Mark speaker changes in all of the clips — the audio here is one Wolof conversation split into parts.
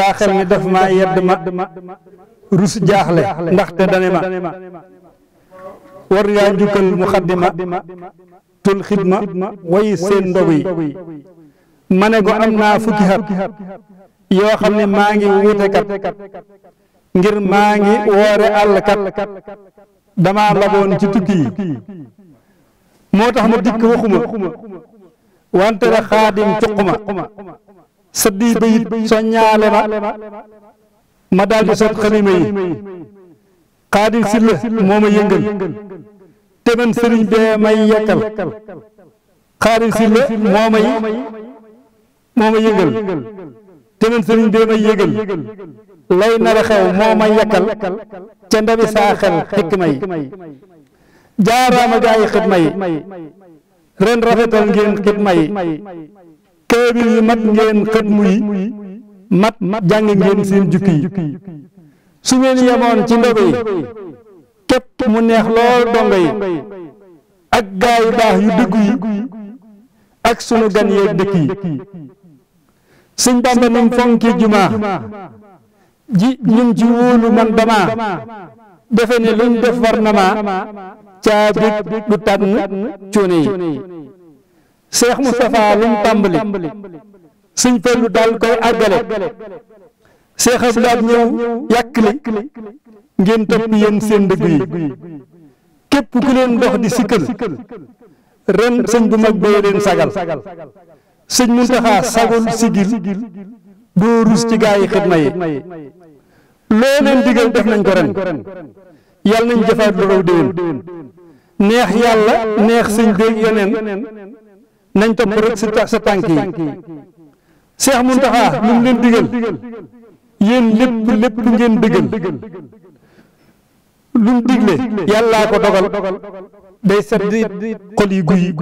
Speaker 1: saa xel mi daf maa yedd ma rus jaaxle ndaxte dane ma war ngaa njukkal muxaddima tul xidma way seen ndogu yi ma ne ko am naa fukki xat yoo xam ne maa ngi wuute kat ngir maa ngi woore àll kat damaa laboon ci tukki yi moo tax ma dikk waxuma wante na xaadim cuquma sa bii bayit soññaale ma ma daal di sot xalima yi xaadim si la moo ma yëngal te man sëriñ bee may yekkal xaadim si la moo may moo ma yëngal te man sëriñ bee lay nara xew moo ma yekkal ca ndabi saa xel xikma yi jaaraama gaa ren rafetal ngeen xidma kaamil yi mat ngeen xatmu yi mat jàng ngeen seen jukki yi su ngeen yemoon ci ndogo yi képp mu neex lool dongo yi ak gaa yu baax yu dëgg yi ak sunu gan yeeg dëkk yi sëñ Bàmba ni mu fonki jumaa ji lim ci wóolu man damaa defe ne luñ def war na ma caa bég du tànn cuune yi Cheikh Moustapha lu mu tàmbali sëñ Fallu daal koy àggale Cheikh Abdoulaye ñëw yàkkali ngeen topp yéen seen dëgg yi képp ku leen dox di sikkal ren sëñ bu mag bay leen sagal sëñ Muntaxa sagul sigil doo rus ci gaa yi xidma yi loo leen digal def nañ ko ren yàlla nañ jëfaat lu raw déwén neex yàlla neex sëñ béeg yeneen nañ topp rek sa sa tànk yi Seex Muntaxa lu mu leen digal yéen lépp lépp ngeen dëggal lu mu digle yàllaa ko dogal day sedd xol yi guy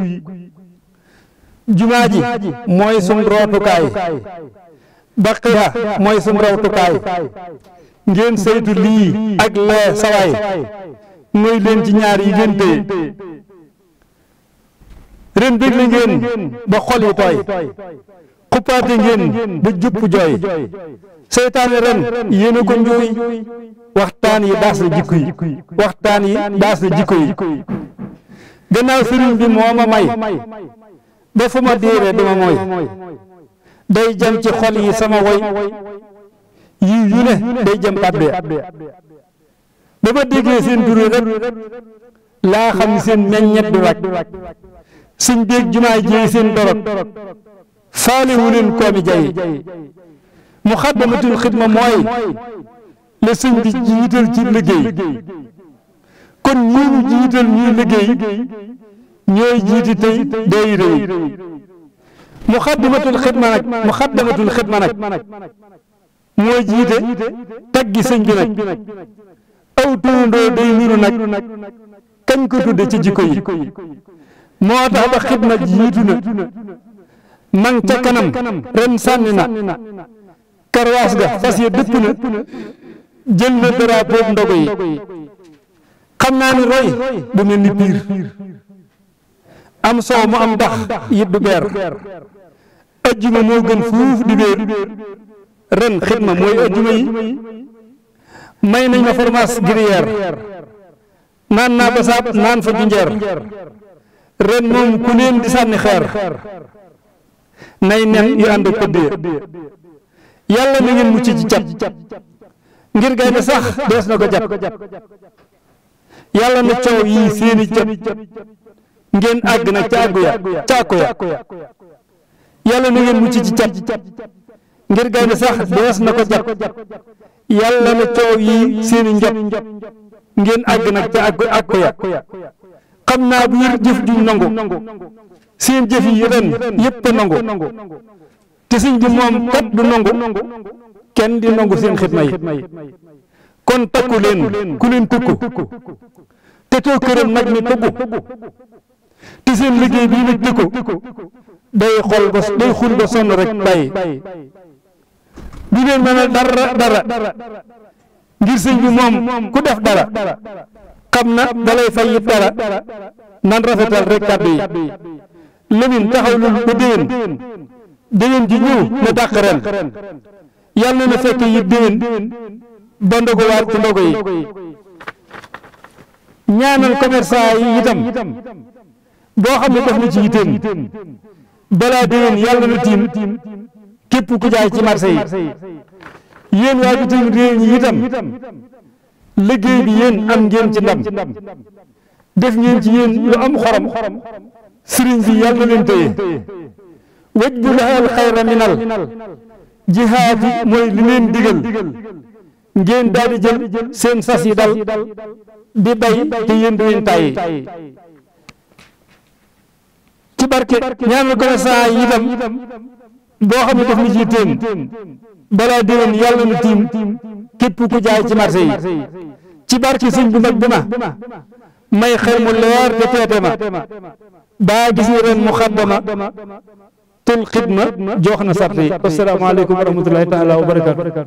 Speaker 1: jumaa ji mooy sum rootukaay baqiya mooy sum rawtukaay ngeen saytu lii ak lee sawaay mooy leen ci ñaar yi ngeen téye ren bégle ngeen ba xol yi tooy xuppaate ngeen ba jupp jooy seytaane ren yéen a ko njooy waxtaan yi daas na jikko yi waxtaan yi daas na jikko yi gannaaw sëriñ bi moo ma may ba fu ma diiree dama mooy day jëm ci xol yi sama woy yiw yu ne day jëm tàbbee ba ma déggee seen turu rek laa xam seen meññet di wàcc suñ béeg jumaay jey seen dorog faaliwu leen koomi jayi muxaddamatul xidma mooy la sëñ bi jiital ci liggéey kon ñii ñu jiital ñuy liggéey ñooy jiiti tey daayira yi muxaddamatul xidma nag muxaddamatul xidma nag mooy jiite taggi sëñ bi nag aw turandoo day niru nag kañ ko tudde ci jikko yi moo tax ba xidma jiitu na man ca kanam ren sànni na karwaas ga fas ya dëpp na jël na drapeau ndogo yi xam naa ni roy du mel ni piir am soow mu am ndax yit du beer ajjuma moo gën fuuf di béer ren xidma mooy ajjuma yi may nañ ma formaas giriyeer naan naa basaab naan fa jinjeer ren moom ku leen di sànni xeer nay nen yu ànd ak pëddiya yàlla na ngeen mucc ci cat ngir gaynde sax dees na ko jàpp yàlla na coow yii seeni cat ngeen àgg na caagu ya caako ya yàlla na ngeen mucc ci cat ngir gaynde sax dees na ko jàpp yàlla na coow yii seeni njot ngeen àgg nag ca àgg àgg ya xam naa bu yër jëf juñ nangu seen jëf yi ren yëpp a nangu te sëñ bi moom kat du nangu kenn di nangu seen xidma yi kon takku leen ku leen tukku te too këram nag ni tugg te seen liggéey bii nag tëkku day xol ba day xul ba sonn rek bàyyi du leen mën a dara dara ngir sëñ bi moom ku def dara xam na balay fay it dara nan rafetal rek kàddu yi Lamine taxaw lu ba déwén déwén ji ñëw na dàq ren yàlla na fekk yi déwén ba ndoguwaat ci ndogu yi ñaanal commerçant yi boo xam ne def na ci yitteem balaa déwén yàlla na tiim képp ku jaay ci marché yi yéen waa bitim réew liggéey bi yéen am ngeen ci ndam def ngeen ci yéen lu am xorom sëriñ bi yàlla leen téye waj bu laal xayra minal jihaad yi mooy li leen digal ngeen daal di jël seen sas yi dal di bay te yéen du leen tàyyi ci barke ñaanal commerçant yi itam boo xam ne daf ñu ci téen balaa déwén yàlla nu tiim képp ku jaay ci marché yi ci barki sëñ bu mag bi ma may xel mu leer te a ma baa gis nga ren mu xaddama tul xidma jox na sart yi asalaamaaleykum wa rahmatulahi taala wa barakatu